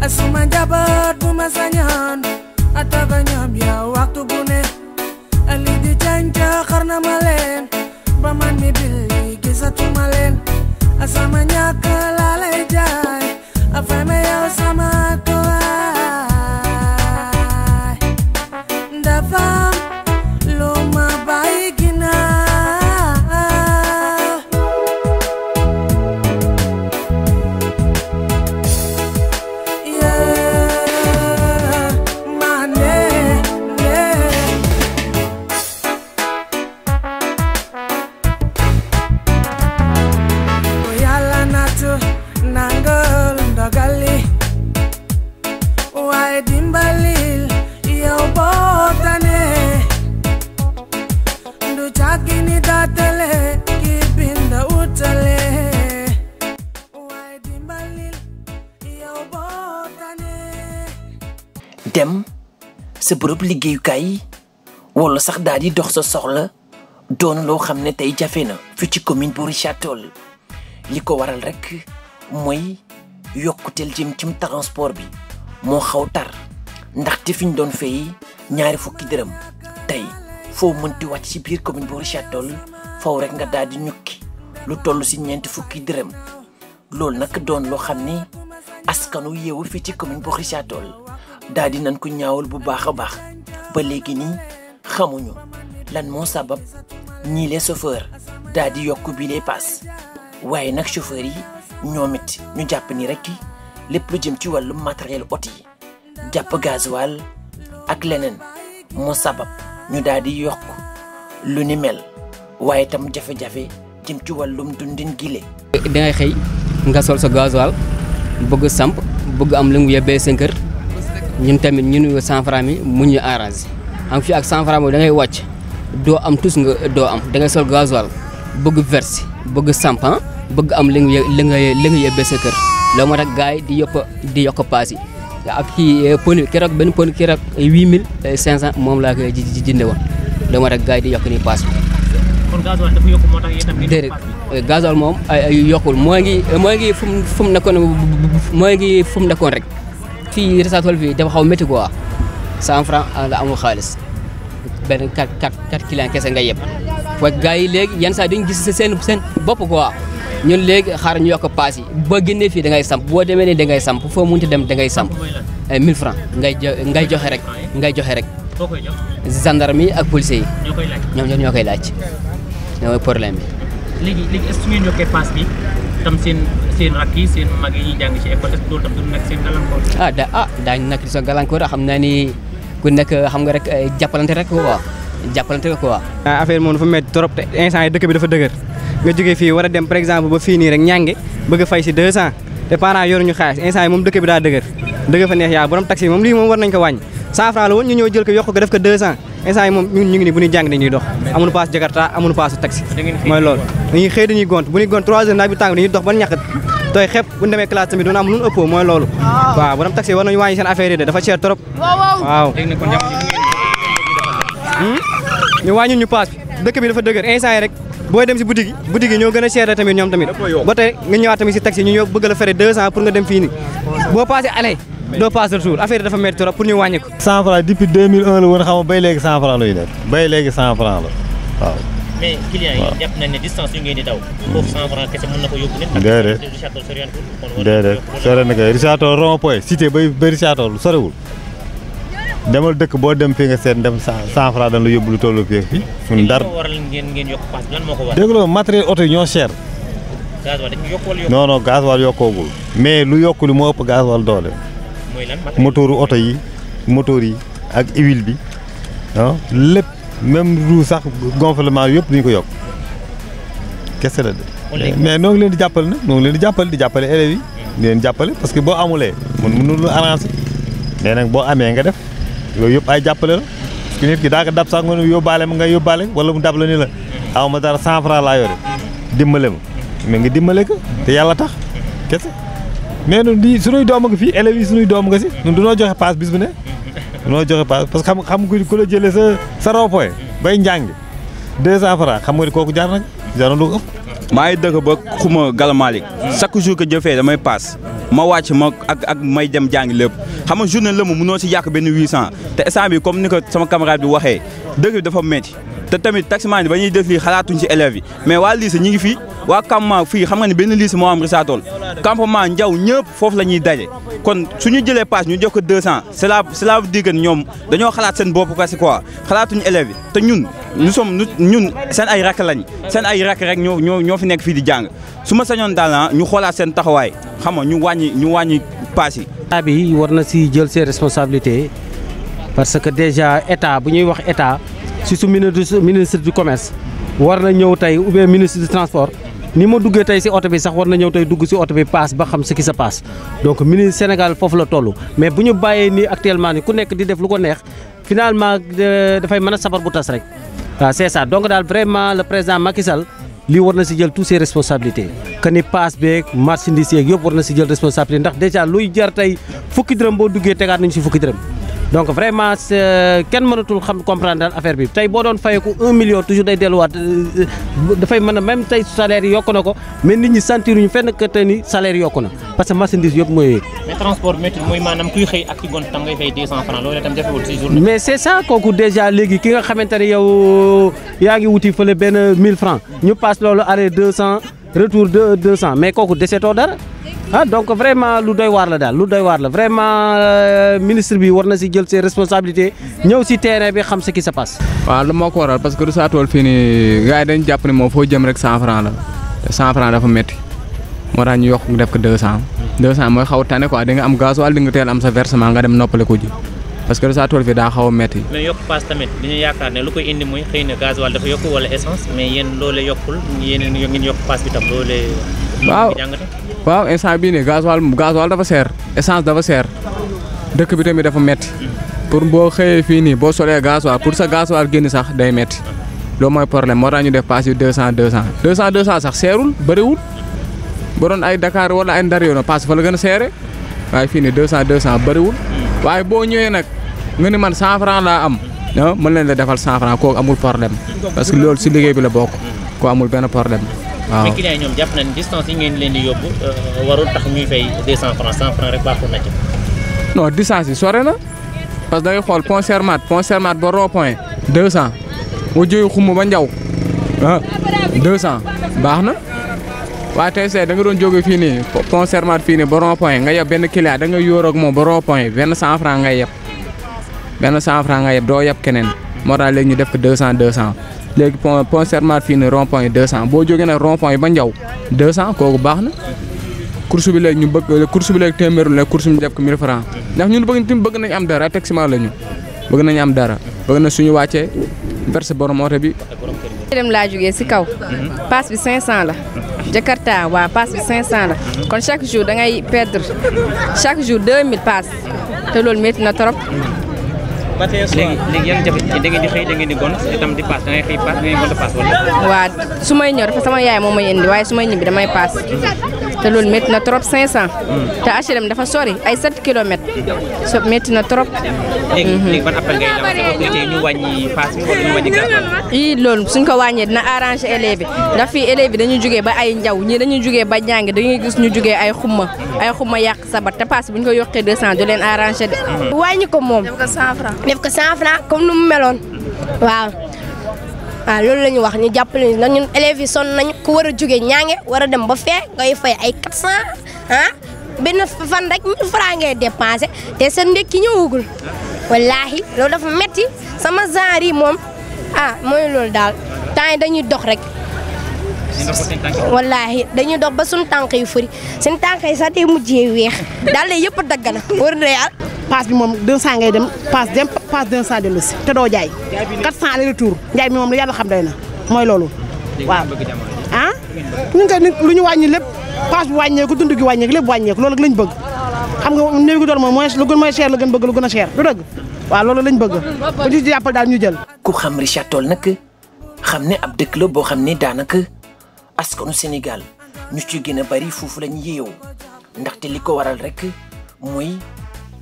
asuma njaboot bu ma sañoon ataba ñoom yow waxtu bu ne ali di canja xar na leen ba man mi billi gisatuma leen asama ñàkk laa lay jaay afay ma yow sama dem sa bërëb liggéeyukaay wala sax daal di dox sa soxla doon loo xam ne tey jafe na fi ci commune bu Richard Toll li ko waral rek mooy yokkuteel jëm cim transport bi moo xaw tar ndaxte fi ñu doon fay ñaari fukki dërëm tey foo mënti wàcc ci biir commune bu Richard Toll faw rek nga daal di ñukki lu toll si ñeenti fukki dërëm loolu nag doon loo xam ni askanu yeewu fii ci commune bu Richard Toll daal di nañ ko ñaawul bu baax a baax ba léegi nii xamuñu lan moo sabab ñii les chauffeurs daal di yokk bi les paas waaye nag chauffeurs yi ñoom it ñu jàpp ni rek lépp lu jëm ci wàllum matériel oto yi jàpp gasoil ak leneen moo sabab ñu daal di yokk lu ni mel waaye tam jafe-jafe jëm ci wàllum dundin gile. da xëy nga sol sa gasoil bëgg samp bëgg am lu mu yebbee sa kër ñun tamit ñun cent franc mi mu ñu arrangé am fii ak cent franc bi da ngay wàcc doo am tus nga doo am da ngay sol gasoil bëgg verse bëgg sampan ah, bëgg am li nga li nga sa kër loolu moo tax gars yi di yëpp di yokk paas yi ak kii eh, pneu keroog benn pneu keroog eh, huit mille eh, cinq cent moom laa koy ji jënde woon loolu moo tax gars yi di yokk nii paas bi kon gasoil dafa yokkul moo ngi moo ngi mu fu nekkoon moo ngi fu mu nekkoon rek fii Richard-Toll fii dafa xaw métti quoi cent franc la amul xaalis benn quatre quatre quatre kese nga yeb waaye gars yi léegi yenn saa duñ gis seen seen bopp quoi ñun léegi xaar ñu yokk paas yi boo génnee fii da ngay samp boo demee ne da ngay samp foo mënti dem da ngay samp mil 1000 francs ngay ngay joxe rek ngay joxe rek gendarme yi ak policier yi ñoom ñoo koy laaj ñoo mooy problème koy paas bi tam seen seen rakk yi seen mag yi ñuy jàng ci école est-ce que tam du nekk seen gàllankoor. ah da ah daañu nekk sa gàllankoor xam naa ni ku nekk xam nga rek jàppalante rek quoi jàppalante rek quoi. Ah, affaire moom dafa métti trop te instant yi dëkk bi dafa dëgër nga jógee fii war a dem par exemple ba fii nii rek ñànge bëgg a fay si 200 te parents yoruñu xaalis instant yi moom dëkk bi daa dëgër dëgg fa neex yaa borom taxi moom lii moom war nañ ko yokk ko def ko 200. instant yi moom ñun ñu ngi nii bu ñuy jàng dañuy dox amuñu paas jakarta amuñu paas taxi mooy loolu dañuy xëy dañuy gont bu ñuy gont 3 heures naaj bi tàng dañuy dox ban ñàkk tooy xepp bu ñu mooy loolu waaw borom taxi war nañu hmm? ñu wàññi ñu paas dëkk bi dafa dëgër instant yi rek booy dem si boutique yi ñoo gën a cher tamit ñoom tamit ba tey nga ñëwaat tamit si taxi ñu ñëw bëgg la fere 200 pour nga dem fii boo paasee aller doo paas le jour affaire dafa métti trop pour ñu wàññi ko. 100 francs depuis la woon xam bay léegi 100 francs lay def bay léegi 100 la waaw. mais client yi jàpp nañ ne distance yu ngeen di daw. foofu bay ba Richard sorewul. demal dëkk boo dem fii nga seet dem cent franc dañ yóbbu lu tollu fii fii. suñu dara dégloo matériel oto ñoo cher. non non gasoil yokkoogul mais lu yokk li moo ëpp gasoil doole. motooru oto yi motoor yi ak huile bi ah lépp même roue sax gonflement yëpp dañu ko yokk kese la de. mais noo leen di jàppale na noo leen di jàppale di jàppale élèves yi. di leen jàppale parce que boo amulee mun mënul arranger mais nag boo amee nga def yooyu yëpp ay jàppale la parce que nit ki daa ko dab sax nga yóbbaale ma nga yóbbaale wala mu dab la ni la aw ma dara cent franc laa yore dimbale ma mais nga dimbale ko te yàlla tax kese. mais ñun lii suñuy doom nga fii élèves yi suñuy doom nga si ñun dunoo joxe paas bis bu ne dunoo joxe paas parce que xam xam ku ku la jëlee sa sa rond-point bay njàngi deux cent xam nga ni kooku jaar na jaar na lu ëpp maa ngi dëkk ba xuma galamalik chaque jour que jëfee damay paas ma wàcc ma ak ak may dem jàngi lépp xam nga journée lëmm mënoo si yàq benn huit cent te instant bi comme ni ko sama camarade bi waxee dëkk bi dafa métti te tamit taximaan bi ba ñuy def lii xalaatuñ si élèves yi mais waa lycée ngi fii waa campement fii xam nga ne benn lycée moo am Richard Toll campement njaw ñëpp foofu la ñuy daje kon su ñu jëlee paas ñu jox ko 200 cela cela veut dire que ñoom dañoo xalaat seen bopp kasi quoi xalaatuñu élèves yi te ñun nous sommes ñun seen ay rakk lañ seen ay rakk rek ñoo ñoo ñoo fi nekk fii di jàng su ma sañoon daal ah, ñu xoolaat seen taxawaay xam nga ñu wàññi ñu wàññi paas yi. état bi war na si jël ses responsabilités parce que déjà état bu ñuy wax état su ministre du commerce war na ñëw tey ou bien ministre du transport. ni ma duggee tey si oto bi sax war na ñëw tey dugg si oto bi paas ba xam ce qui se passe donc mini Sénégal foofu la toll mais bu ñu bàyyee nii actuellement ni ku nekk di def lu ko neex finalement euh, dafay mën a sabar bu tas rek waaw c'est ça donc daal vraiment la président Macky Sall lii war na si jël tous ses responsabilités que ni paas beeg marchandise yeeg war na si jël responsabilité ndax déjà luy jar tey fukki dërëm boo duggee tegaat nañu si fukki dërëm donc vraiment euh, kenn mënatul xam comprendre daal affaire bi tey boo doon fayeku un million toujours day delluwaat euh, dafay mën a même tey salaire yi yokku na ko mais nit ñi sentir ñu fenn que te ni yokku na parce que marchandise yëpp mooy yëg. mais maanaam kuy xëy ak ki gont tam ngay fay 200 francs loolu itam jafewul si journée. mais c'est ça kooku déjà léegi ki nga xamante ne yow euh, yaa ngi wuti fële benn 1000 francs ñu passe loolu aller 200 retour de 200 mais kooku desetoo dara. ah donc vraiment lu doy waar la daal lu doy waar la vraiment euh, ministre bi war na si jël ses responsabilités ñëw si terrain bi xam ce qui se waaw lu moo ko waral parce que du saa tool fii nii gars yi dañu foo jëm rek cent franc la te cent dafa métti moo tax yokk def ko deux cent. deux xaw a tane quoi di nga am gasoil di nga teel am sa versement nga dem noppale ko ji. parce que sa tool fii daa xaw a métti. mais yokk paas tamit li yaakaar ne lu a waaw waaw instant bii ne gasoil moom gasoil dafa seer essence dafa seer dëkk bi tamit dafa metti pour boo xëyee fii nii boo solee gasoil pour sa gasoil génn sax day metti loolu mooy problème moo tax ñu def paas yu 200 200 200 200 sax seerul bëriwul ba doon ay Dakar wala ay Ndar yoon paas fa la gën a seere waaye fii nii 200 200 bëriwul waaye boo ñëwee nag nga ni man 100 francs laa am ah mën leen la defal 100 francs kooku amul problème parce que loolu si liggéey bi la bokk koo amul benn problème. waaw mais ñoom jàpp nañ distance yi ngeen leen di yóbbu euh, warul tax ñuy fay 200 francs 100 francs rek baaxul na ci. non distance yi sore na parce que xool pont Sermat pont Sermat ba rond point 200 boo jëyee xumb ba njaw ah 200 baax na waaye te see da doon jóge fii nii pont Sermat fii nii ba rond nga yeb benn client da nga yóor ak moom ba rond benn 100 francs ngay yeb benn 100 francs ngay yeb doo yeb keneen moo tax léegi ñu def ko 200 200. léegi point point Sermat fii nii rond point yi 200 boo jógee nag rond point yi ba Ndiaw 200 kooku baax na. course bi léegi ñu bëgg course bi léegi téeméeru la course bi ñu def ko 1000 francs ndax ñun bëgg tim bëgg nañ la ñu bëgg nañ am dara bëgg na suñu wàccee verse borom oto bi. dem laa jógee si kaw. Mhm. passe bi 500 la. Jakarta waaw passe bi 500 la. kon chaque jour da ngay perdre chaque jour 2000 passe te loolu métti na trop. matin soir léegi léegi yan jafe da ngeen di xëy da di gont itam di paas da xëy paas da ngeen gont paas wala. waaw su may ñëw dafa sama yaay moom may indi waaye su may ñibbi damay paas. te loolu métti na trop 500. Mm. te HLM dafa sori ay 7 kilomètres. so métti na trop. léegi mm-hmm. léegi loolu suñ ko wàññee dina arrangé élèves yi ndax fii élèves yi dañuy jugee ba ay njaw ñii dañuy jugee ba jàng dañuy gis ñu jugee ay xuma ay xuma yàq sabat te paas bu ñu ko yokkee 200 du leen arrangé de. Mm-hmm. wàññi ko moom. def ko 100 francs def nu mu meloon mm-hmm. waaw. waaw loolu la ñu wax ñu jàppale ñu ndax ñun élèves yi sonn nañu ku war a jógee ñaange war a dem ba fee ngay fay ay 400 ah benn fan rek 1000F ngay dépensé te sa ndekki ñëwugul wallaahi loolu dafa metti sama genre yi moom ah mooy loolu daal temps yi dañuy dox rek. wallaahi dañuy dox ba suñu tànk yu furi seen tànk yi sax day mujjee weex daal de yëpp dagg na wër na paas bi moom 200 ngay dem paas dem paas 200 dellu si te doo jaay. 400 aller retour njaay bi moom lu yàlla xam doy na mooy loolu. waaw ah ñu ngi koy lu ñu wàññi lépp paas bi ku dund gi wàññeeku lépp wàññeeku loolu lañ bëgg. xam nga néew gi doon moom mooy lu gën mooy cher la gën bëgg a cher du dëgg waaw loolu lañ bëgg bu ñu jàppal daal ñu jël. ku xam Richard Toll xam ne ab dëkk la boo xam ne daanaka askanu Sénégal ñu ci gën a bari foofu lañ yéeyoo ndaxte li ko waral rek mooy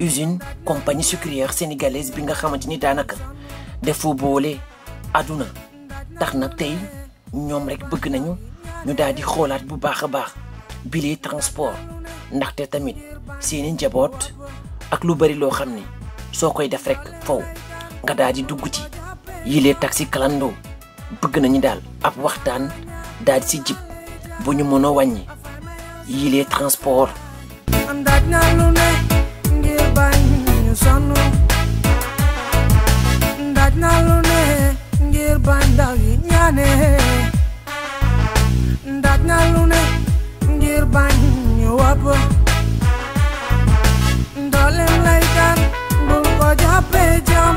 usine compagnie sucrière sénégalaise bi nga xamante ni daanaka dafa boole àdduna tax na tey ñoom rek bëgg nañu ñu daal di xoolaat bu baax a baax bilee transport ndaxte tamit seeni njaboot ak lu bari loo xam ni soo koy def rekk faw nga daal di dugg ci yilee taxi kalandoo bëgg nañu daal ab waxtaan daal di si jib bu ñu mën a wàññi yilee transport bañ ñu na lu ne ngir bañ ndaw ñaane daj na lu ne ngir bañ ñu wopp dooleem lay daan bul ko jàppee jàmm